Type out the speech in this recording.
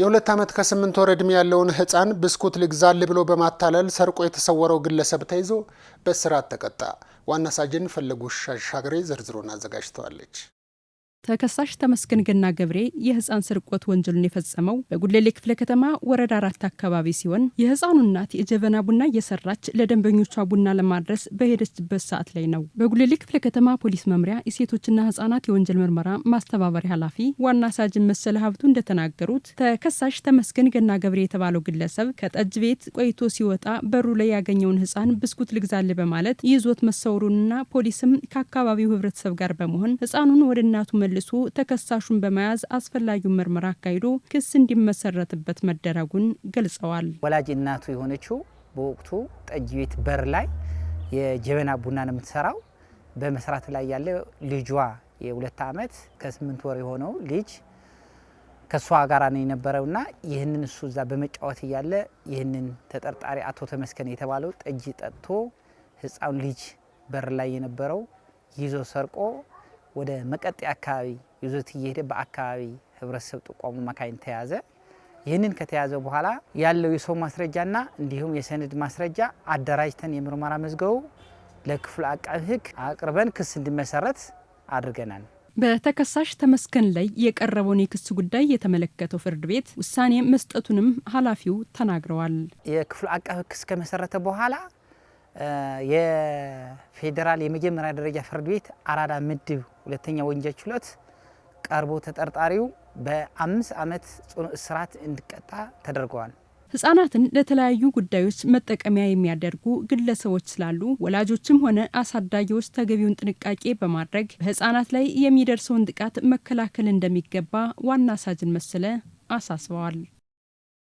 የሁለት ዓመት ከስምንት ወር ዕድሜ ያለውን ህፃን ብስኩት ልግዛል ብሎ በማታለል ሰርቆ የተሰወረው ግለሰብ ተይዞ በእስራት ተቀጣ። ዋና ሳጅን ፈለጉ ሻሻገሬ ዝርዝሩን አዘጋጅተዋለች። ተከሳሽ ተመስገን ገና ገብሬ የህፃን ስርቆት ወንጀሉን የፈጸመው በጉሌሌ ክፍለ ከተማ ወረዳ አራት አካባቢ ሲሆን የህፃኑ እናት የጀበና ቡና እየሰራች ለደንበኞቿ ቡና ለማድረስ በሄደችበት ሰዓት ላይ ነው። በጉሌሌ ክፍለ ከተማ ፖሊስ መምሪያ የሴቶችና ህፃናት የወንጀል ምርመራ ማስተባበሪያ ኃላፊ ዋና ሳጅን መሰለ ሀብቱ እንደተናገሩት ተከሳሽ ተመስገን ገና ገብሬ የተባለው ግለሰብ ከጠጅ ቤት ቆይቶ ሲወጣ በሩ ላይ ያገኘውን ህፃን ብስኩት ልግዛል በማለት ይዞት መሰውሩንና ፖሊስም ከአካባቢው ህብረተሰብ ጋር በመሆን ህፃኑን ወደ እናቱ መልሶ ተከሳሹን በመያዝ አስፈላጊውን ምርመራ አካሂዶ ክስ እንዲመሰረትበት መደረጉን ገልጸዋል። ወላጅ እናቱ የሆነችው በወቅቱ ጠጅ ቤት በር ላይ የጀበና ቡና ነው የምትሰራው በመስራት ላይ ያለ ልጇ የሁለት ዓመት ከስምንት ወር የሆነው ልጅ ከእሷ ጋር ነው የነበረውና ይህንን እሱ እዛ በመጫወት እያለ ይህንን ተጠርጣሪ አቶ ተመስገን የተባለው ጠጅ ጠጥቶ ህፃን ልጅ በር ላይ የነበረው ይዞ ሰርቆ ወደ መቀጤ አካባቢ ይዞት እየሄደ በአካባቢ ህብረተሰብ ጥቆሙ መካኝ ተያዘ። ይህንን ከተያዘ በኋላ ያለው የሰው ማስረጃና እንዲሁም የሰነድ ማስረጃ አደራጅተን የምርመራ መዝገቡ ለክፍሉ አቃቢ ህግ አቅርበን ክስ እንዲመሰረት አድርገናል። በተከሳሽ ተመስገን ላይ የቀረበውን የክስ ጉዳይ የተመለከተው ፍርድ ቤት ውሳኔ መስጠቱንም ኃላፊው ተናግረዋል። የክፍሉ አቃቢ ህግ ክስ ከመሰረተ በኋላ የፌዴራል የመጀመሪያ ደረጃ ፍርድ ቤት አራዳ ምድብ ሁለተኛ ወንጀል ችሎት ቀርቦ ተጠርጣሪው በአምስት ዓመት ጽኑ እስራት እንዲቀጣ ተደርገዋል። ህጻናትን ለተለያዩ ጉዳዮች መጠቀሚያ የሚያደርጉ ግለሰቦች ስላሉ ወላጆችም ሆነ አሳዳጊዎች ተገቢውን ጥንቃቄ በማድረግ በህጻናት ላይ የሚደርሰውን ጥቃት መከላከል እንደሚገባ ዋና ሳጅን መሰለ አሳስበዋል።